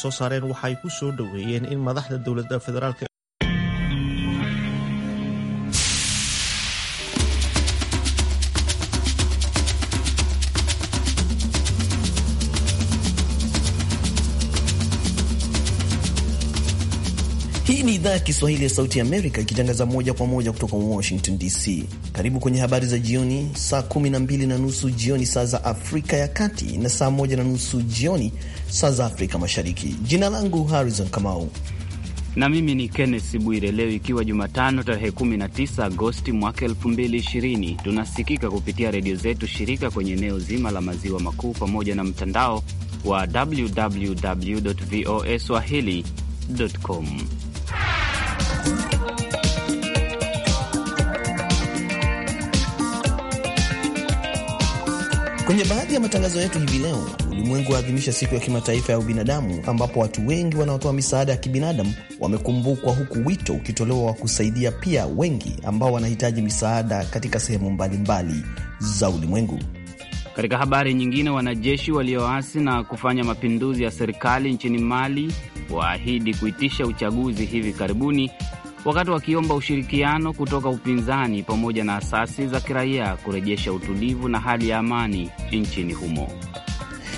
soo saareen waxay ku soo dhoweeyeen in madaxda dowladda federaalk idhaa ya Kiswahili ya Sauti Amerika ikitangaza moja kwa moja kutoka Washington DC. Karibu kwenye habari za jioni, saa 12 na nusu jioni saa za Afrika ya Kati na saa 1 na nusu jioni saa za Afrika Mashariki. Jina langu Harrison Kamau na mimi ni Kenneth Bwire. Leo ikiwa Jumatano tarehe 19 Agosti mwaka 2020, tunasikika kupitia redio zetu shirika kwenye eneo zima la maziwa makuu pamoja na mtandao wa www voa swahili com. Kwenye baadhi ya matangazo yetu hivi leo, ulimwengu waadhimisha siku ya kimataifa ya ubinadamu, ambapo watu wengi wanaotoa misaada ya kibinadamu wamekumbukwa, huku wito ukitolewa wa kusaidia pia wengi ambao wanahitaji misaada katika sehemu mbalimbali za ulimwengu. Katika habari nyingine, wanajeshi walioasi na kufanya mapinduzi ya serikali nchini Mali waahidi kuitisha uchaguzi hivi karibuni wakati wakiomba ushirikiano kutoka upinzani pamoja na asasi za kiraia kurejesha utulivu na hali ya amani nchini humo.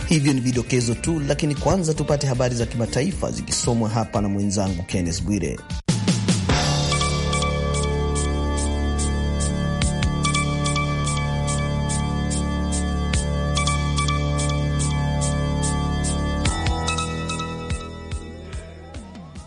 Hivyo ni vidokezo tu, lakini kwanza tupate habari za kimataifa zikisomwa hapa na mwenzangu Kenneth Bwire.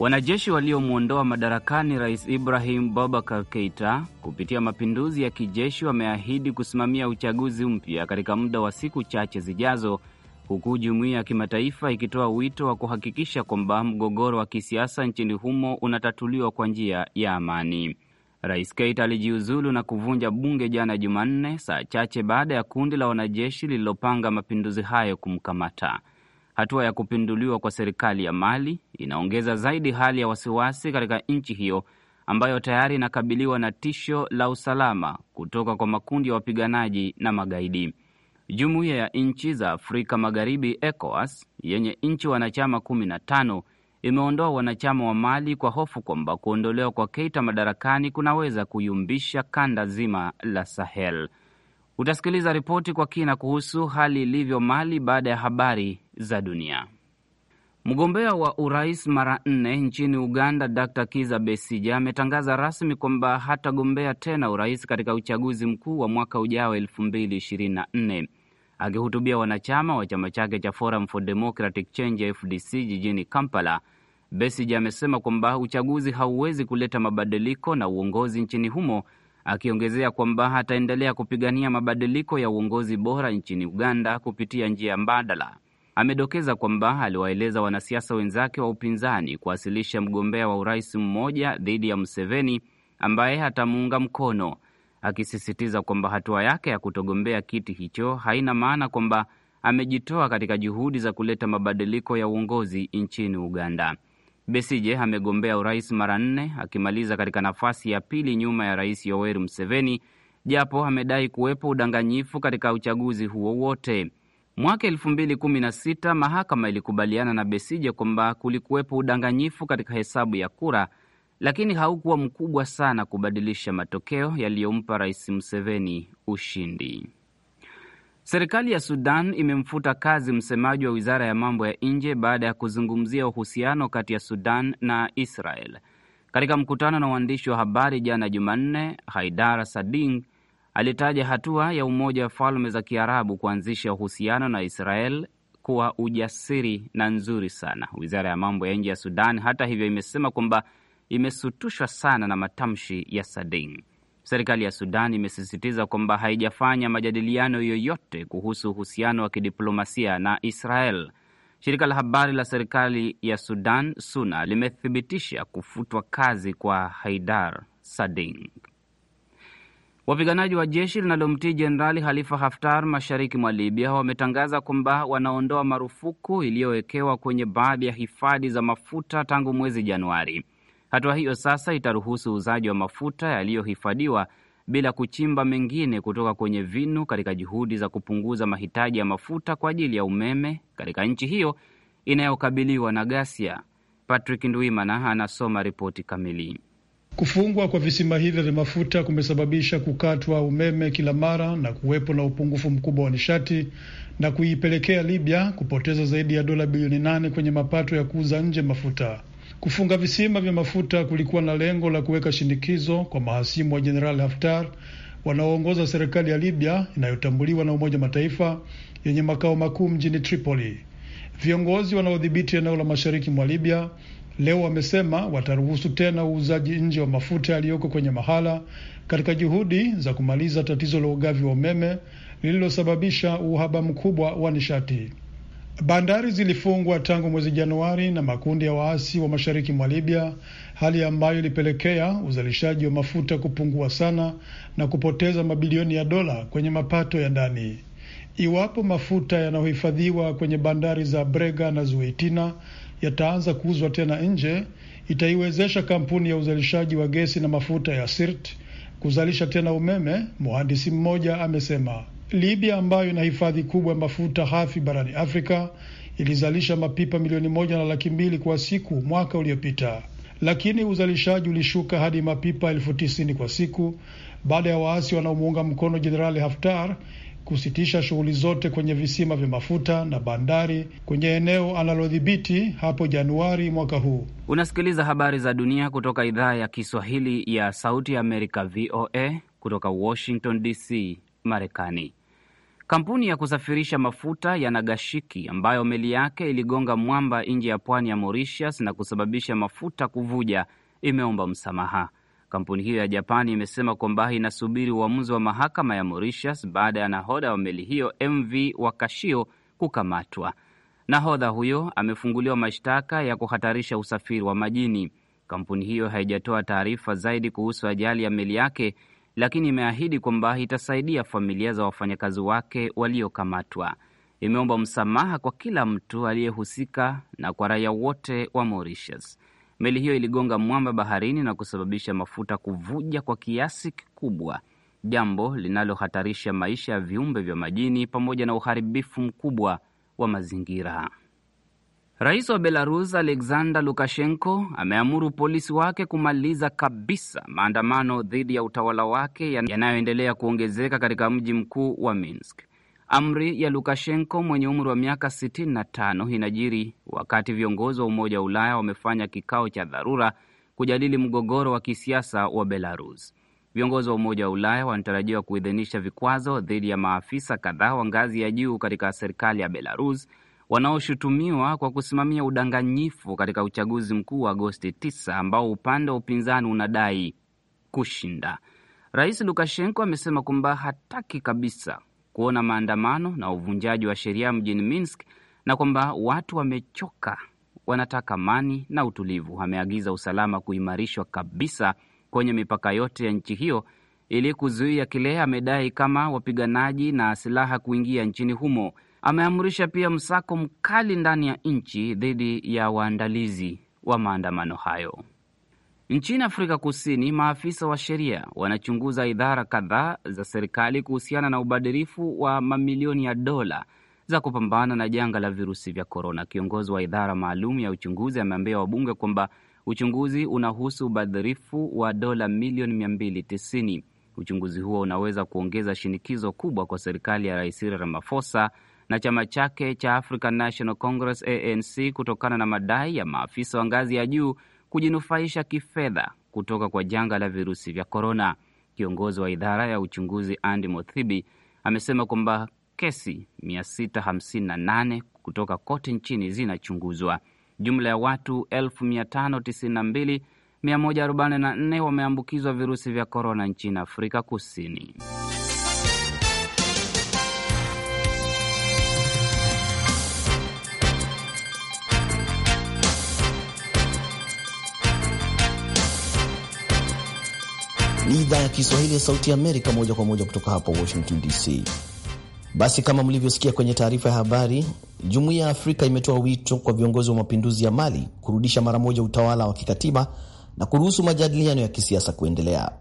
Wanajeshi waliomwondoa madarakani Rais Ibrahim bobakar Keita kupitia mapinduzi ya kijeshi wameahidi kusimamia uchaguzi mpya katika muda wa siku chache zijazo, huku jumuiya ya kimataifa ikitoa wito wa kuhakikisha kwamba mgogoro wa kisiasa nchini humo unatatuliwa kwa njia ya amani. Rais Keita alijiuzulu na kuvunja bunge jana Jumanne, saa chache baada ya kundi la wanajeshi lililopanga mapinduzi hayo kumkamata. Hatua ya kupinduliwa kwa serikali ya Mali inaongeza zaidi hali ya wasiwasi katika nchi hiyo ambayo tayari inakabiliwa na tisho la usalama kutoka kwa makundi ya wapiganaji na magaidi. Jumuiya ya nchi za Afrika Magharibi, ECOWAS, yenye nchi wanachama 15 imeondoa wanachama wa Mali kwa hofu kwamba kuondolewa kwa Keita madarakani kunaweza kuyumbisha kanda zima la Sahel. Utasikiliza ripoti kwa kina kuhusu hali ilivyo Mali baada ya habari za dunia. Mgombea wa urais mara nne nchini Uganda, Dr Kiza Besija ametangaza rasmi kwamba hatagombea tena urais katika uchaguzi mkuu wa mwaka ujao 224 Akihutubia wanachama wa chama chake cha Forum for Democratic Change FDC jijini Kampala, Besija amesema kwamba uchaguzi hauwezi kuleta mabadiliko na uongozi nchini humo akiongezea kwamba ataendelea kupigania mabadiliko ya uongozi bora nchini Uganda kupitia njia mbadala. Amedokeza kwamba aliwaeleza wanasiasa wenzake wa upinzani kuwasilisha mgombea wa urais mmoja dhidi ya Museveni ambaye atamuunga mkono, akisisitiza kwamba hatua yake ya kutogombea kiti hicho haina maana kwamba amejitoa katika juhudi za kuleta mabadiliko ya uongozi nchini Uganda. Besije amegombea urais mara nne akimaliza katika nafasi ya pili nyuma ya rais Yoweri Museveni, japo amedai kuwepo udanganyifu katika uchaguzi huo wote. Mwaka elfu mbili kumi na sita mahakama ilikubaliana na Besije kwamba kulikuwepo udanganyifu katika hesabu ya kura, lakini haukuwa mkubwa sana kubadilisha matokeo yaliyompa rais Museveni ushindi. Serikali ya Sudan imemfuta kazi msemaji wa wizara ya mambo ya nje baada ya kuzungumzia uhusiano kati ya Sudan na Israel. Katika mkutano na waandishi wa habari jana Jumanne, Haidara Sading alitaja hatua ya Umoja wa Falme za Kiarabu kuanzisha uhusiano na Israel kuwa ujasiri na nzuri sana. Wizara ya mambo ya nje ya Sudan, hata hivyo, imesema kwamba imesutushwa sana na matamshi ya Sading. Serikali ya Sudan imesisitiza kwamba haijafanya majadiliano yoyote kuhusu uhusiano wa kidiplomasia na Israel. Shirika la habari la serikali ya Sudan SUNA limethibitisha kufutwa kazi kwa Haidar Sading. Wapiganaji wa jeshi linalomtii Jenerali Halifa Haftar mashariki mwa Libya wametangaza kwamba wanaondoa marufuku iliyowekewa kwenye baadhi ya hifadhi za mafuta tangu mwezi Januari. Hatua hiyo sasa itaruhusu uuzaji wa mafuta yaliyohifadhiwa bila kuchimba mengine kutoka kwenye vinu katika juhudi za kupunguza mahitaji ya mafuta kwa ajili ya umeme katika nchi hiyo inayokabiliwa na ghasia. Patrick Ndwimana anasoma ripoti kamili. Kufungwa kwa visima hivyo vya mafuta kumesababisha kukatwa umeme kila mara na kuwepo na upungufu mkubwa wa nishati na kuipelekea Libya kupoteza zaidi ya dola bilioni nane kwenye mapato ya kuuza nje mafuta. Kufunga visima vya mafuta kulikuwa na lengo la kuweka shinikizo kwa mahasimu wa Jenerali Haftar wanaoongoza serikali ya Libya inayotambuliwa na Umoja Mataifa yenye makao makuu mjini Tripoli. Viongozi wanaodhibiti eneo la mashariki mwa Libya leo wamesema wataruhusu tena uuzaji nje wa mafuta yaliyoko kwenye mahala katika juhudi za kumaliza tatizo la ugavi wa umeme lililosababisha uhaba mkubwa wa nishati. Bandari zilifungwa tangu mwezi Januari na makundi ya waasi wa mashariki mwa Libya, hali ambayo ilipelekea uzalishaji wa mafuta kupungua sana na kupoteza mabilioni ya dola kwenye mapato ya ndani. Iwapo mafuta yanayohifadhiwa kwenye bandari za Brega na Zueitina yataanza kuuzwa tena nje, itaiwezesha kampuni ya uzalishaji wa gesi na mafuta ya Sirt kuzalisha tena umeme, mhandisi mmoja amesema. Libya ambayo ina hifadhi kubwa ya mafuta hafi barani Afrika ilizalisha mapipa milioni moja na laki mbili kwa siku mwaka uliopita, lakini uzalishaji ulishuka hadi mapipa elfu tisini kwa siku baada ya waasi wanaomuunga mkono Jenerali Haftar kusitisha shughuli zote kwenye visima vya mafuta na bandari kwenye eneo analodhibiti hapo Januari mwaka huu. Unasikiliza habari za dunia kutoka idhaa ya Kiswahili ya Sauti ya Amerika, VOA, kutoka Washington DC, Marekani. Kampuni ya kusafirisha mafuta ya Nagashiki ambayo meli yake iligonga mwamba nje ya pwani ya Mauritius na kusababisha mafuta kuvuja imeomba msamaha. Kampuni hiyo ya Japani imesema kwamba inasubiri uamuzi wa mahakama ya Mauritius baada ya nahodha wa meli hiyo MV Wakashio kukamatwa. Nahodha huyo amefunguliwa mashtaka ya kuhatarisha usafiri wa majini. Kampuni hiyo haijatoa taarifa zaidi kuhusu ajali ya meli yake lakini imeahidi kwamba itasaidia familia za wafanyakazi wake waliokamatwa. Imeomba msamaha kwa kila mtu aliyehusika na kwa raia wote wa Mauritius. Meli hiyo iligonga mwamba baharini na kusababisha mafuta kuvuja kwa kiasi kikubwa, jambo linalohatarisha maisha ya viumbe vya majini pamoja na uharibifu mkubwa wa mazingira. Rais wa Belarus Alexander Lukashenko ameamuru polisi wake kumaliza kabisa maandamano dhidi ya utawala wake yanayoendelea kuongezeka katika mji mkuu wa Minsk. Amri ya Lukashenko mwenye umri wa miaka 65 inajiri wakati viongozi wa Umoja wa Ulaya wamefanya kikao cha dharura kujadili mgogoro wa kisiasa wa Belarus. Viongozi wa Umoja wa Ulaya wanatarajiwa kuidhinisha vikwazo dhidi ya maafisa kadhaa wa ngazi ya juu katika serikali ya Belarus wanaoshutumiwa kwa kusimamia udanganyifu katika uchaguzi mkuu wa Agosti 9 ambao upande wa upinzani unadai kushinda. Rais Lukashenko amesema kwamba hataki kabisa kuona maandamano na uvunjaji wa sheria mjini Minsk na kwamba watu wamechoka, wanataka amani na utulivu. Ameagiza usalama kuimarishwa kabisa kwenye mipaka yote ya nchi hiyo ili kuzuia kile amedai kama wapiganaji na silaha kuingia nchini humo ameamrisha pia msako mkali ndani ya nchi dhidi ya waandalizi wa maandamano hayo. Nchini Afrika Kusini, maafisa wa sheria wanachunguza idara kadhaa za serikali kuhusiana na ubadhirifu wa mamilioni ya dola za kupambana na janga la virusi vya korona. Kiongozi wa idara maalum ya uchunguzi ameambia wabunge kwamba uchunguzi unahusu ubadhirifu wa dola milioni 290. Uchunguzi huo unaweza kuongeza shinikizo kubwa kwa serikali ya Rais Cyril Ramaphosa na chama chake cha African National Congress ANC kutokana na madai ya maafisa wa ngazi ya juu kujinufaisha kifedha kutoka kwa janga la virusi vya korona. Kiongozi wa idara ya uchunguzi Andy Mothibi amesema kwamba kesi 658 kutoka kote nchini zinachunguzwa. Jumla ya watu 592144 wameambukizwa virusi vya korona nchini Afrika Kusini. idhaa ya Kiswahili ya Sauti ya Amerika moja kwa moja kutoka hapa Washington DC. Basi kama mlivyosikia kwenye taarifa ya habari, Jumuiya ya Afrika imetoa wito kwa viongozi wa mapinduzi ya Mali kurudisha mara moja utawala wa kikatiba na kuruhusu majadiliano ya kisiasa kuendelea.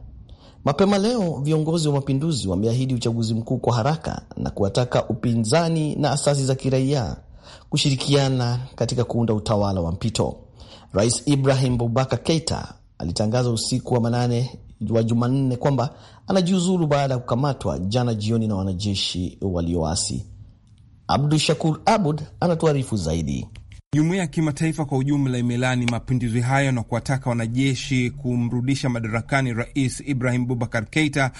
Mapema leo viongozi wa mapinduzi wameahidi uchaguzi mkuu kwa haraka na kuwataka upinzani na asasi za kiraia kushirikiana katika kuunda utawala wa mpito. Rais Ibrahim Boubacar Keita alitangaza usiku wa manane wa Jumanne kwamba anajiuzulu baada ya kukamatwa jana jioni na wanajeshi walioasi. Abdu Shakur Abud anatuarifu zaidi. Jumuiya ya kimataifa kwa ujumla imelani mapinduzi hayo na kuwataka wanajeshi kumrudisha madarakani Rais Ibrahim Bubakar Keita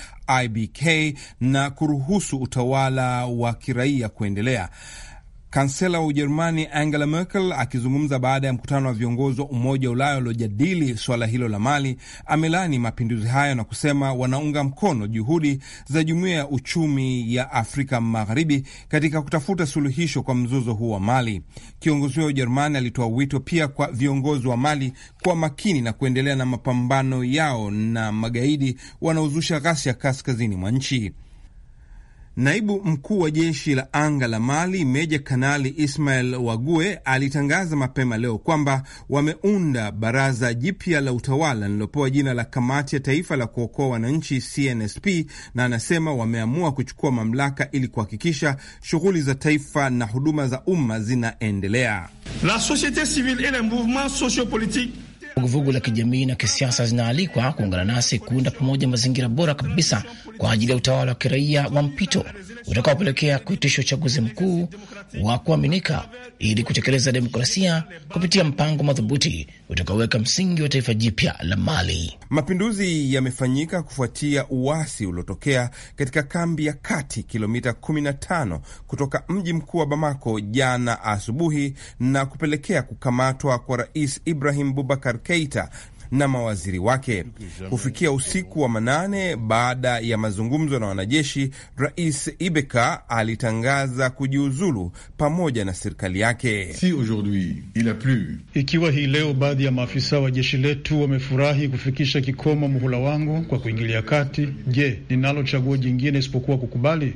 IBK na kuruhusu utawala wa kiraia kuendelea. Kansela wa Ujerumani Angela Merkel akizungumza baada ya mkutano wa viongozi wa Umoja wa Ulaya waliojadili suala hilo la Mali amelani mapinduzi hayo na kusema wanaunga mkono juhudi za Jumuiya ya Uchumi ya Afrika Magharibi katika kutafuta suluhisho kwa mzozo huu wa Mali. Kiongozi wa Ujerumani alitoa wito pia kwa viongozi wa Mali kuwa makini na kuendelea na mapambano yao na magaidi wanaozusha ghasia kaskazini mwa nchi. Naibu mkuu wa jeshi la anga la Mali meja kanali ismael Wague alitangaza mapema leo kwamba wameunda baraza jipya la utawala lililopewa jina la Kamati ya Taifa la Kuokoa Wananchi CNSP, na anasema wameamua kuchukua mamlaka ili kuhakikisha shughuli za taifa na huduma za umma zinaendelea. La societe civile et le mouvement sociopolitique vuguvugu la kijamii na kisiasa zinaalikwa kuungana nasi kuunda pamoja mazingira bora kabisa kwa ajili ya utawala wa kiraia wa mpito utakaopelekea kuitisha uchaguzi mkuu wa kuaminika ili kutekeleza demokrasia kupitia mpango madhubuti utakaoweka msingi wa taifa jipya la Mali. Mapinduzi yamefanyika kufuatia uasi uliotokea katika kambi ya kati kilomita 15 kutoka mji mkuu wa Bamako jana asubuhi na kupelekea kukamatwa kwa Rais Ibrahim Bubakar Keita na mawaziri wake. Kufikia usiku wa manane, baada ya mazungumzo na wanajeshi, Rais Ibeka alitangaza kujiuzulu pamoja na serikali yake. Si aujourd'hui il a plu. Ikiwa hii leo baadhi ya maafisa wa jeshi letu wamefurahi kufikisha kikomo muhula wangu kwa kuingilia kati, je, ninalo chaguo jingine isipokuwa kukubali?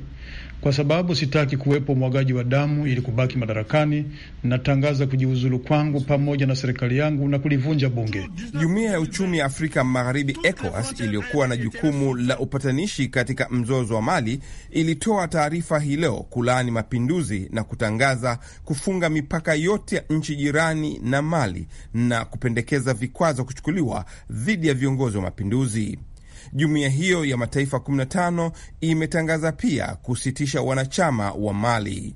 kwa sababu sitaki kuwepo umwagaji wa damu ili kubaki madarakani. Natangaza kujiuzulu kwangu pamoja na serikali yangu na kulivunja bunge. Jumuiya ya uchumi ya Afrika Magharibi, ECOWAS, iliyokuwa na jukumu la upatanishi katika mzozo wa Mali ilitoa taarifa hii leo kulaani mapinduzi na kutangaza kufunga mipaka yote ya nchi jirani na Mali na kupendekeza vikwazo kuchukuliwa dhidi ya viongozi wa mapinduzi. Jumuiya hiyo ya mataifa 15 imetangaza pia kusitisha wanachama wa Mali.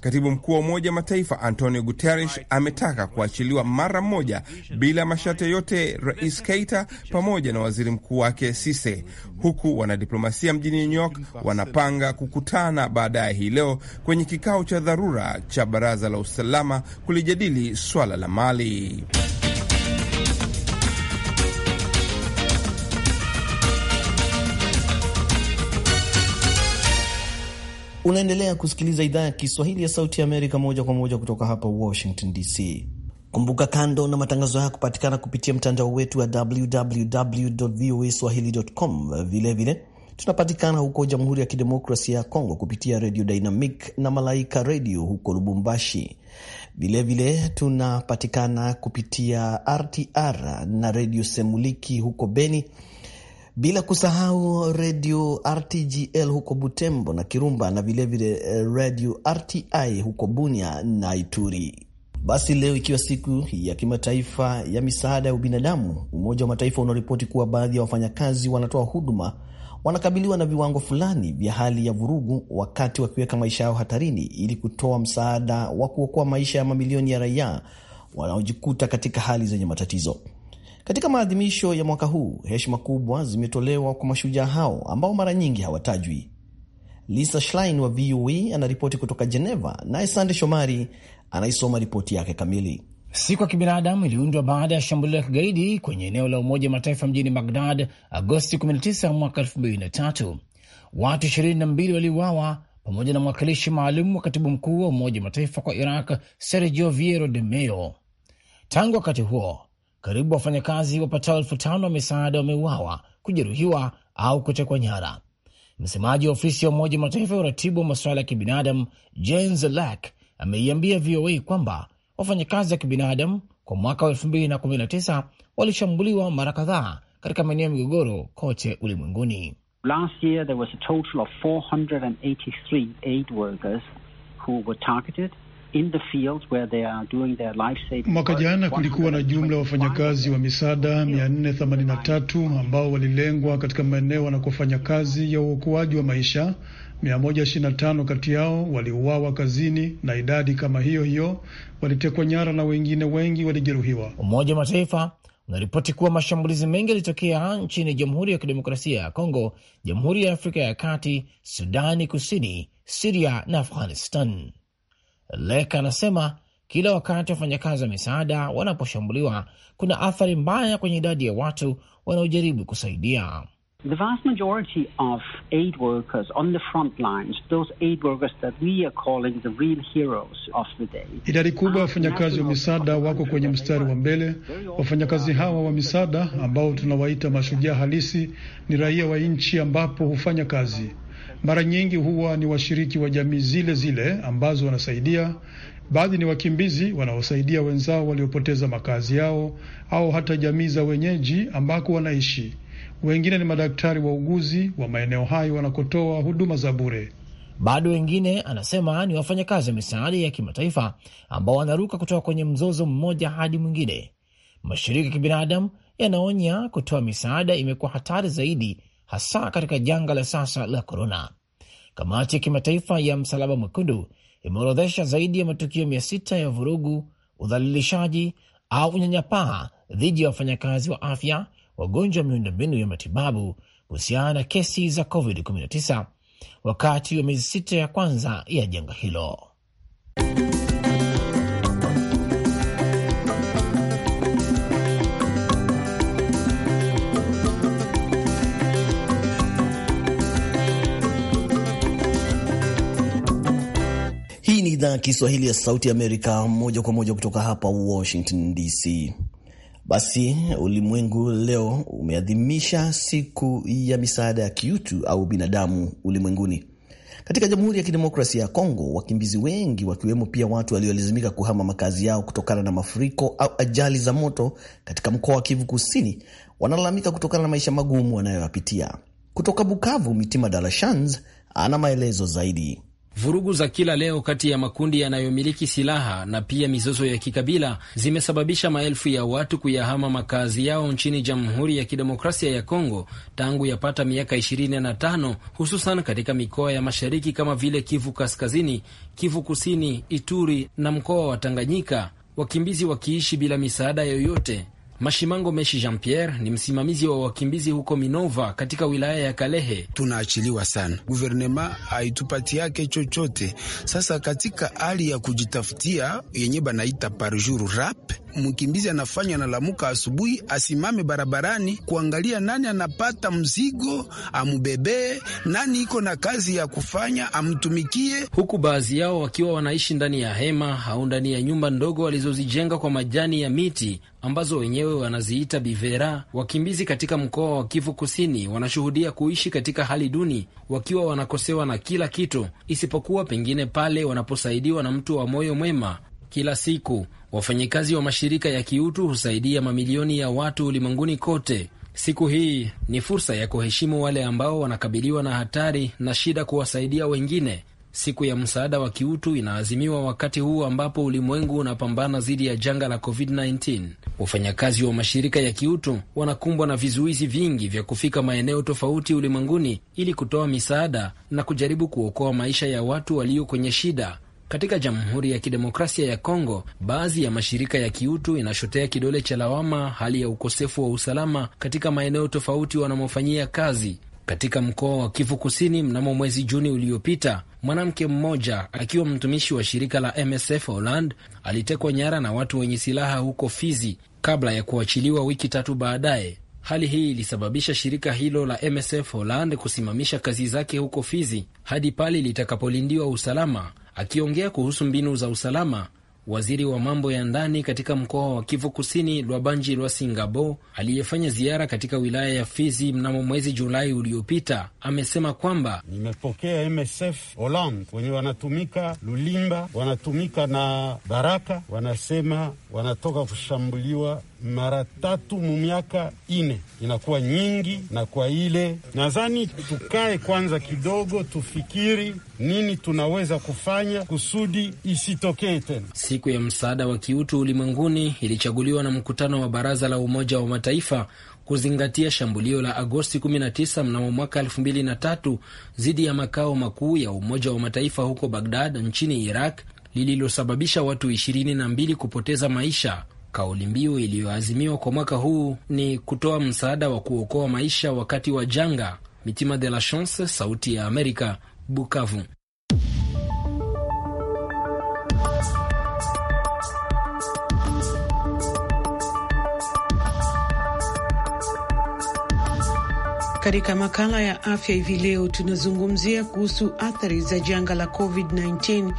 Katibu mkuu wa Umoja Mataifa Antonio Guterres ametaka kuachiliwa mara moja bila masharti yote Rais Keita pamoja na waziri mkuu wake Sise, huku wanadiplomasia mjini New York wanapanga kukutana baadaye hii leo kwenye kikao cha dharura cha Baraza la Usalama kulijadili swala la Mali. Unaendelea kusikiliza idhaa ya Kiswahili ya Sauti ya Amerika moja kwa moja kutoka hapa Washington DC. Kumbuka, kando na matangazo haya kupatikana kupitia mtandao wetu wa www voa swahili.com, vilevile tunapatikana huko Jamhuri ya Kidemokrasia ya Kongo kupitia Redio Dynamic na Malaika Redio huko Lubumbashi. Vilevile tunapatikana kupitia RTR na Redio Semuliki huko Beni bila kusahau redio RTGL huko Butembo na Kirumba na vilevile eh, redio RTI huko Bunia na Ituri. Basi leo ikiwa siku ya kimataifa ya misaada ya ubinadamu, Umoja wa Mataifa unaripoti kuwa baadhi ya wafanyakazi wanatoa huduma wanakabiliwa na viwango fulani vya hali ya vurugu, wakati wakiweka maisha yao hatarini ili kutoa msaada wa kuokoa maisha ya mamilioni ya raia wanaojikuta katika hali zenye matatizo. Katika maadhimisho ya mwaka huu, heshima kubwa zimetolewa kwa mashujaa hao ambao mara nyingi hawatajwi. Lisa Schlein wa VOA e anaripoti kutoka Geneva, naye Sande Shomari anaisoma ripoti yake kamili. Siku ya kibinadamu iliundwa baada ya shambulio la kigaidi kwenye eneo la Umoja wa Mataifa mjini Bagdad Agosti 19 mwaka 2003. Watu 22 waliuawa pamoja na mwakilishi maalum wa katibu mkuu wa Umoja wa Mataifa kwa Iraq Sergio Viero de Meo. Tangu wakati huo karibu wafanyakazi wapatao elfu tano wa misaada wameuawa, kujeruhiwa au kutekwa nyara. Msemaji wa ofisi ya Umoja Mataifa ya uratibu wa masuala ya kibinadamu James Lack ameiambia VOA kwamba wafanyakazi wa kibinadamu kwa mwaka wa 2019 walishambuliwa mara kadhaa katika maeneo ya migogoro kote ulimwenguni. Mwaka jana kulikuwa na jumla ya wafanyakazi wa misaada 483 ambao walilengwa katika maeneo wanakofanya kazi ya uokoaji wa maisha. 125 kati yao waliuawa kazini na idadi kama hiyo hiyo walitekwa nyara na wengine wengi walijeruhiwa. Umoja wa Mataifa unaripoti kuwa mashambulizi mengi yalitokea nchini Jamhuri ya Kidemokrasia ya Kongo, Jamhuri ya Afrika ya Kati, Sudani Kusini, Siria na Afghanistan. Lek anasema kila wakati wafanyakazi wa misaada wanaposhambuliwa kuna athari mbaya kwenye idadi ya watu wanaojaribu kusaidia. The vast majority of aid workers on the front lines, those aid workers that we are calling the real heroes of the day. Idadi kubwa ya wafanyakazi wa misaada wako kwenye mstari wa mbele. Wafanyakazi hawa wa misaada ambao tunawaita mashujaa halisi ni raia wa nchi ambapo hufanya kazi mara nyingi huwa ni washiriki wa jamii zile zile ambazo wanasaidia. Baadhi ni wakimbizi wanaosaidia wenzao waliopoteza makazi yao au hata jamii za wenyeji ambako wanaishi. Wengine ni madaktari, wauguzi wa maeneo hayo wanakotoa huduma za bure. Bado wengine anasema ni wafanyakazi wa misaada ya kimataifa ambao wanaruka kutoka kwenye mzozo mmoja hadi mwingine. Mashirika ya kibinadamu yanaonya kutoa misaada imekuwa hatari zaidi hasa katika janga la sasa la korona. Kamati ya kimataifa ya Msalaba Mwekundu imeorodhesha zaidi ya matukio mia sita ya vurugu, udhalilishaji au unyanyapaa dhidi ya wafanyakazi wa afya, wagonjwa wa miundombinu ya matibabu kuhusiana na kesi za COVID-19 wakati wa miezi sita ya kwanza ya janga hilo. idhaa ya Kiswahili ya Sauti Amerika, moja kwa moja kutoka hapa Washington DC. Basi ulimwengu leo umeadhimisha siku ya misaada ya kiutu au binadamu ulimwenguni. Katika Jamhuri ya Kidemokrasia ya Kongo, wakimbizi wengi wakiwemo pia watu waliolazimika kuhama makazi yao kutokana na mafuriko au ajali za moto katika mkoa wa Kivu Kusini wanalalamika kutokana na maisha magumu wanayoyapitia. Kutoka Bukavu, Mitima Dalashans ana maelezo zaidi. Vurugu za kila leo kati ya makundi yanayomiliki silaha na pia mizozo ya kikabila zimesababisha maelfu ya watu kuyahama makazi yao nchini Jamhuri ya Kidemokrasia ya Kongo tangu yapata miaka 25 hususan katika mikoa ya mashariki kama vile Kivu Kaskazini, Kivu Kusini, Ituri na mkoa wa Tanganyika, wakimbizi wakiishi bila misaada yoyote Mashimango Meshi Jean Pierre ni msimamizi wa wakimbizi huko Minova katika wilaya ya Kalehe. Tunaachiliwa sana, guvernema haitupati yake chochote. Sasa katika hali ya kujitafutia yenye banaita parjuru rap, mkimbizi anafanya analamuka asubuhi, asimame barabarani kuangalia nani anapata mzigo amubebee, nani iko na kazi ya kufanya amtumikie, huku baadhi yao wakiwa wanaishi ndani ya hema au ndani ya nyumba ndogo walizozijenga kwa majani ya miti ambazo wenyewe wanaziita bivera. Wakimbizi katika mkoa wa Kivu Kusini wanashuhudia kuishi katika hali duni, wakiwa wanakosewa na kila kitu, isipokuwa pengine pale wanaposaidiwa na mtu wa moyo mwema. Kila siku wafanyakazi wa mashirika ya kiutu husaidia mamilioni ya watu ulimwenguni kote. Siku hii ni fursa ya kuheshimu wale ambao wanakabiliwa na hatari na shida, kuwasaidia wengine Siku ya msaada wa kiutu inaazimiwa wakati huu ambapo ulimwengu unapambana dhidi ya janga la COVID-19. Wafanyakazi wa mashirika ya kiutu wanakumbwa na vizuizi vingi vya kufika maeneo tofauti ulimwenguni ili kutoa misaada na kujaribu kuokoa maisha ya watu walio kwenye shida. Katika Jamhuri ya Kidemokrasia ya Kongo, baadhi ya mashirika ya kiutu inashotea kidole cha lawama hali ya ukosefu wa usalama katika maeneo tofauti wanamofanyia kazi. Katika mkoa wa Kivu Kusini, mnamo mwezi Juni uliopita mwanamke mmoja akiwa mtumishi wa shirika la MSF Holland alitekwa nyara na watu wenye silaha huko Fizi kabla ya kuachiliwa wiki tatu baadaye. Hali hii ilisababisha shirika hilo la MSF Holland kusimamisha kazi zake huko Fizi hadi pale litakapolindiwa usalama. Akiongea kuhusu mbinu za usalama, waziri wa mambo ya ndani katika mkoa wa Kivu Kusini, Lwabanji Singabo, aliyefanya ziara katika wilaya ya Fizi mnamo mwezi Julai uliopita, amesema kwamba nimepokea MSF Holland wenye wanatumika Lulimba, wanatumika na Baraka, wanasema wanatoka kushambuliwa mara tatu mu miaka ine, inakuwa nyingi. Na kwa ile nadhani tukae kwanza kidogo, tufikiri nini tunaweza kufanya kusudi isitokee tena. Siku ya msaada wa kiutu ulimwenguni ilichaguliwa na mkutano wa baraza la Umoja wa Mataifa kuzingatia shambulio la Agosti 19 mnamo mwaka 2003 dhidi ya makao makuu ya Umoja wa Mataifa huko Bagdad nchini Iraq lililosababisha watu ishirini na mbili kupoteza maisha. Kauli mbiu iliyoazimiwa kwa mwaka huu ni kutoa msaada wa kuokoa maisha wakati wa janga. Mitima de la Chance, Sauti ya Amerika, Bukavu. Katika makala ya afya hivi leo tunazungumzia kuhusu athari za janga la COVID-19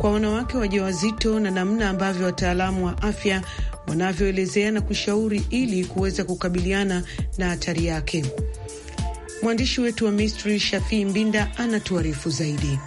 kwa wanawake wajawazito na namna ambavyo wataalamu wa afya wanavyoelezea na kushauri ili kuweza kukabiliana na hatari yake. Mwandishi wetu wa Misri Shafii Mbinda anatuarifu zaidi.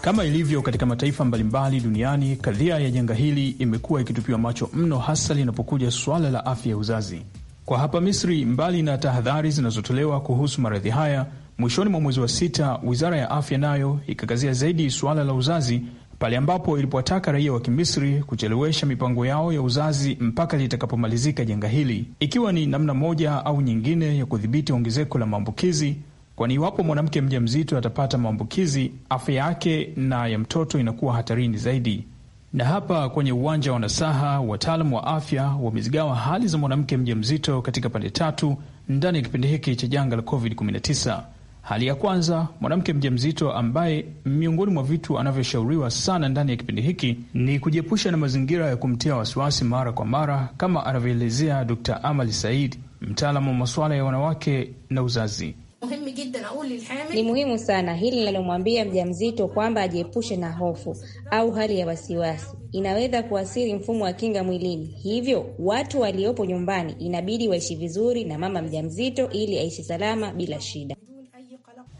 Kama ilivyo katika mataifa mbalimbali duniani, kadhia ya janga hili imekuwa ikitupiwa macho mno, hasa linapokuja suala la afya ya uzazi. Kwa hapa Misri, mbali na tahadhari zinazotolewa kuhusu maradhi haya, mwishoni mwa mwezi wa sita, wizara ya afya nayo ikakazia zaidi suala la uzazi pale ambapo ilipowataka raia wa Kimisri kuchelewesha mipango yao ya uzazi mpaka litakapomalizika janga hili, ikiwa ni namna moja au nyingine ya kudhibiti ongezeko la maambukizi, kwani iwapo mwanamke mja mzito atapata maambukizi, afya yake na ya mtoto inakuwa hatarini zaidi. Na hapa kwenye uwanja wa nasaha, wataalam wa afya wamezigawa hali za mwanamke mzito katika pande tatu ndani ya kipindi hiki cha janga la COVID-19. Hali ya kwanza, mwanamke mzito ambaye miongoni mwa vitu anavyoshauriwa sana ndani ya kipindi hiki ni kujiepusha na mazingira ya kumtia wasiwasi mara kwa mara, kama anavyoelezea Dr. Amali Said, mtaalamu wa masuala ya wanawake na uzazi muhimu ni muhimu sana hili linalomwambia mjamzito kwamba ajiepushe na hofu au hali ya wasiwasi inaweza kuathiri mfumo wa kinga mwilini. Hivyo watu waliopo nyumbani inabidi waishi vizuri na mama mjamzito ili aishi salama bila shida.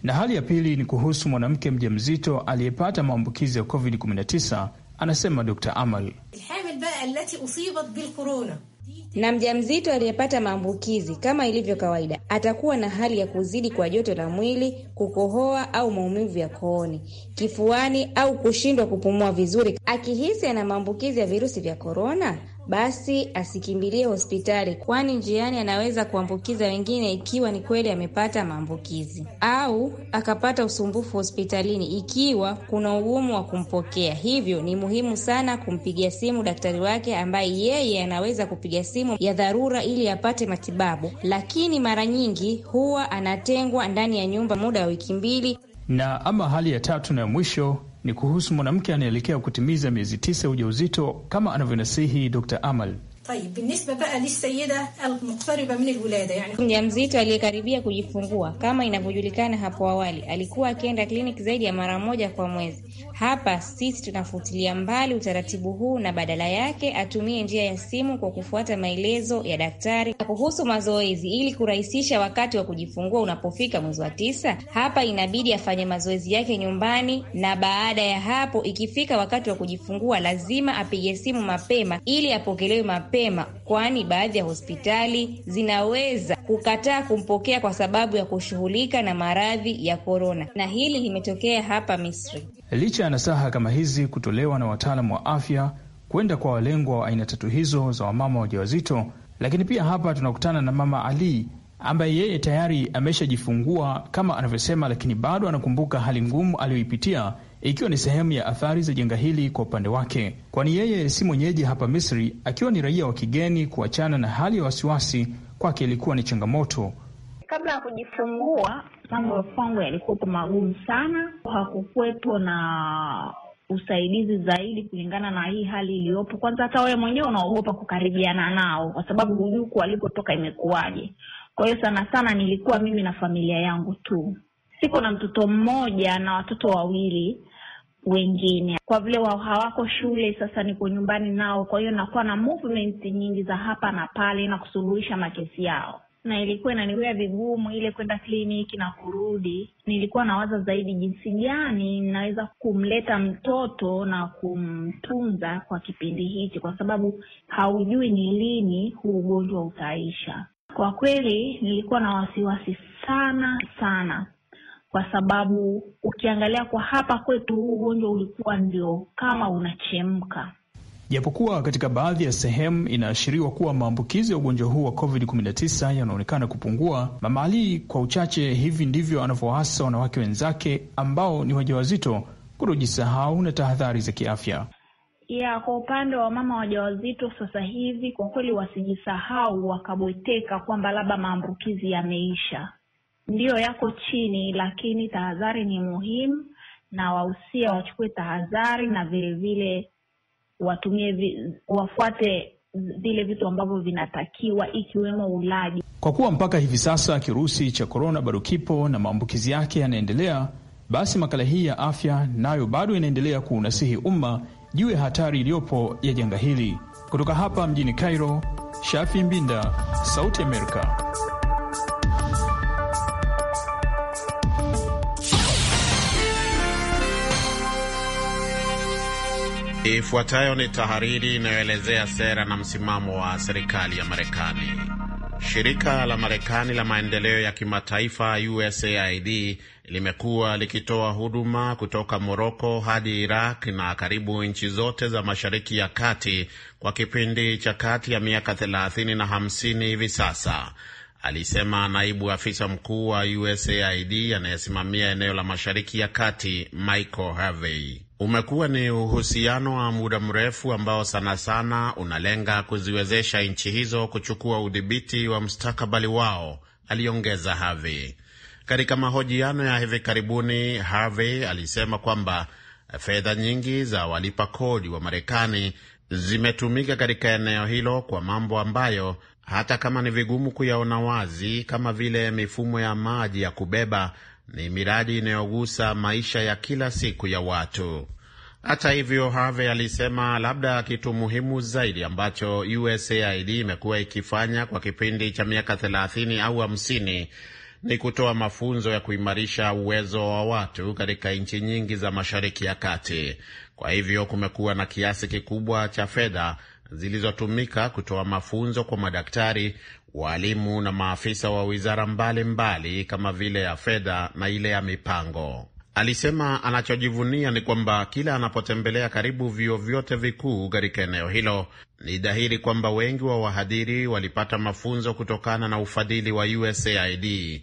Na hali ya pili ni kuhusu mwanamke mjamzito aliyepata maambukizi ya COVID-19, anasema Dr. Amal na mjamzito aliyepata maambukizi kama ilivyo kawaida atakuwa na hali ya kuzidi kwa joto la mwili, kukohoa au maumivu ya kooni, kifuani au kushindwa kupumua vizuri. Akihisi ana maambukizi ya virusi vya korona, basi asikimbilie hospitali, kwani njiani anaweza kuambukiza wengine, ikiwa ni kweli amepata maambukizi, au akapata usumbufu hospitalini ikiwa kuna ugumu wa kumpokea. Hivyo ni muhimu sana kumpigia simu daktari wake, ambaye yeye anaweza kupiga simu ya dharura ili apate matibabu, lakini mara nyingi huwa anatengwa ndani ya nyumba muda wa wiki mbili. Na ama hali ya tatu na mwisho ni kuhusu mwanamke anaelekea kutimiza miezi tisa ya ujauzito kama anavyonasihi Dr. Amal. Tayib, بالنسبة بقى للسيدة المقتربة من الولادة يعني mjamzito aliyekaribia kujifungua kama inavyojulikana hapo awali alikuwa akienda kliniki zaidi ya mara moja kwa mwezi. Hapa sisi tunafutilia mbali utaratibu huu na badala yake atumie njia ya simu kwa kufuata maelezo ya daktari kuhusu mazoezi ili kurahisisha wakati wa kujifungua unapofika mwezi wa tisa. Hapa inabidi afanye mazoezi yake nyumbani, na baada ya hapo ikifika wakati wa kujifungua lazima apige simu mapema ili apokelewe mapema mapema, kwani baadhi ya hospitali zinaweza kukataa kumpokea kwa sababu ya kushughulika na maradhi ya korona, na hili limetokea hapa Misri. Licha ya nasaha kama hizi kutolewa na wataalamu wa afya kwenda kwa walengwa wa aina tatu hizo za wamama wajawazito, lakini pia hapa tunakutana na Mama Ali ambaye yeye tayari ameshajifungua kama anavyosema, lakini bado anakumbuka hali ngumu aliyoipitia ikiwa ni sehemu ya athari za janga hili kwa upande wake, kwani yeye si mwenyeji hapa Misri, akiwa ni raia wa kigeni. Kuachana na hali ya wasiwasi kwake ilikuwa ni changamoto. Kabla ya kujifungua, mambo ya kwangu yalikuwepo magumu sana, hakukuwepo na usaidizi zaidi kulingana na hii hali iliyopo. Kwanza hata wewe mwenyewe unaogopa kukaribiana nao, kwa sababu hujuku walikotoka imekuwaje. Kwa hiyo sana sana nilikuwa mimi na familia yangu tu, siko na mtoto mmoja na watoto wawili wengine kwa vile wao hawako shule, sasa niko nyumbani nao, kwa hiyo nakuwa na movement nyingi za hapa na pale na kusuluhisha makesi yao, na ilikuwa inaniwia vigumu ile kwenda kliniki na kurudi. Nilikuwa nawaza zaidi jinsi gani naweza kumleta mtoto na kumtunza kwa kipindi hichi, kwa sababu haujui ni lini huu ugonjwa utaisha. Kwa kweli nilikuwa na wasiwasi sana sana kwa sababu ukiangalia kwa hapa kwetu huu ugonjwa ulikuwa ndio kama unachemka. Japokuwa katika baadhi ya sehemu inaashiriwa kuwa maambukizi ya ugonjwa huu wa COVID-19 yanaonekana kupungua, Mama Ali kwa uchache, hivi ndivyo anavyohasa wanawake wenzake ambao ni wajawazito kutojisahau na tahadhari za kiafya. Ya, kwa upande wa mama wajawazito sasa hivi kwa kweli wasijisahau wakabweteka kwamba labda maambukizi yameisha ndiyo yako chini, lakini tahadhari ni muhimu, na wahusia wachukue tahadhari na vilevile watumie vi, wafuate vile vitu ambavyo vinatakiwa ikiwemo ulaji. Kwa kuwa mpaka hivi sasa kirusi cha korona bado kipo na maambukizi yake yanaendelea, basi makala hii ya afya nayo bado inaendelea kuunasihi umma juu ya hatari iliyopo ya janga hili. Kutoka hapa mjini Cairo, Shafi Mbinda, Sauti Amerika. Ifuatayo ni tahariri inayoelezea sera na msimamo wa serikali ya Marekani. Shirika la Marekani la maendeleo ya kimataifa USAID limekuwa likitoa huduma kutoka Moroko hadi Iraq na karibu nchi zote za Mashariki ya Kati kwa kipindi cha kati ya miaka 30 na 50 hivi sasa, alisema naibu afisa mkuu wa USAID anayesimamia eneo la Mashariki ya Kati Michael Harvey umekuwa ni uhusiano wa muda mrefu ambao sana sana unalenga kuziwezesha nchi hizo kuchukua udhibiti wa mustakabali wao, aliongeza Harvey. Katika mahojiano ya hivi karibuni, Harvey alisema kwamba fedha nyingi za walipa kodi wa Marekani zimetumika katika eneo hilo kwa mambo ambayo hata kama ni vigumu kuyaona wazi, kama vile mifumo ya maji ya kubeba ni miradi inayogusa maisha ya kila siku ya watu. Hata hivyo, Harvey alisema labda kitu muhimu zaidi ambacho USAID imekuwa ikifanya kwa kipindi cha miaka 30 au 50 ni kutoa mafunzo ya kuimarisha uwezo wa watu katika nchi nyingi za Mashariki ya Kati. Kwa hivyo kumekuwa na kiasi kikubwa cha fedha zilizotumika kutoa mafunzo kwa madaktari, walimu na maafisa wa wizara mbalimbali mbali, kama vile ya fedha na ile ya mipango. Alisema anachojivunia ni kwamba kila anapotembelea karibu vyuo vyote vikuu katika eneo hilo ni dhahiri kwamba wengi wa wahadhiri walipata mafunzo kutokana na ufadhili wa USAID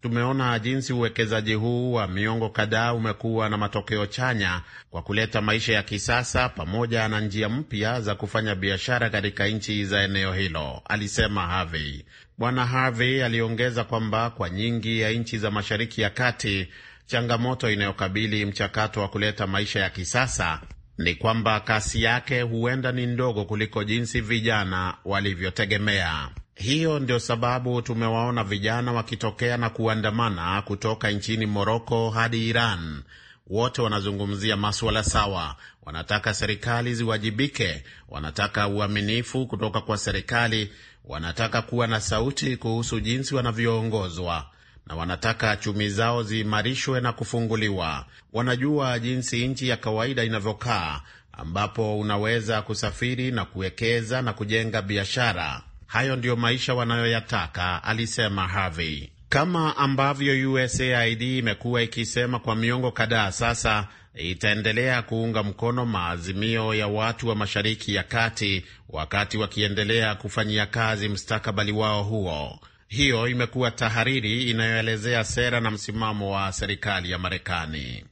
tumeona jinsi uwekezaji huu wa miongo kadhaa umekuwa na matokeo chanya kwa kuleta maisha ya kisasa pamoja na njia mpya za kufanya biashara katika nchi za eneo hilo, alisema Harvey. Bwana Harvey aliongeza kwamba kwa nyingi ya nchi za Mashariki ya Kati, changamoto inayokabili mchakato wa kuleta maisha ya kisasa ni kwamba kasi yake huenda ni ndogo kuliko jinsi vijana walivyotegemea. Hiyo ndio sababu tumewaona vijana wakitokea na kuandamana kutoka nchini Moroko hadi Iran. Wote wanazungumzia maswala sawa, wanataka serikali ziwajibike, wanataka uaminifu kutoka kwa serikali, wanataka kuwa na sauti kuhusu jinsi wanavyoongozwa na wanataka chumi zao ziimarishwe na kufunguliwa. Wanajua jinsi nchi ya kawaida inavyokaa, ambapo unaweza kusafiri na kuwekeza na kujenga biashara. Hayo ndiyo maisha wanayoyataka, alisema Harvey. Kama ambavyo USAID imekuwa ikisema kwa miongo kadhaa sasa, itaendelea kuunga mkono maazimio ya watu wa Mashariki ya Kati wakati wakiendelea kufanyia kazi mustakabali wao huo. Hiyo imekuwa tahariri inayoelezea sera na msimamo wa serikali ya Marekani.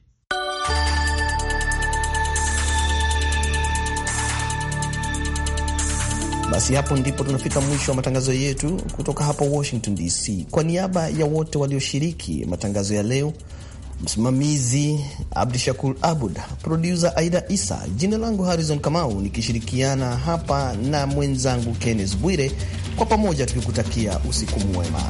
Basi hapo ndipo tunafika mwisho wa matangazo yetu kutoka hapa Washington DC. Kwa niaba ya wote walioshiriki matangazo ya leo, msimamizi Abdu Shakur Abud, produsa Aida Isa, jina langu Harrison Kamau nikishirikiana hapa na mwenzangu Kenneth Bwire, kwa pamoja tukikutakia usiku mwema.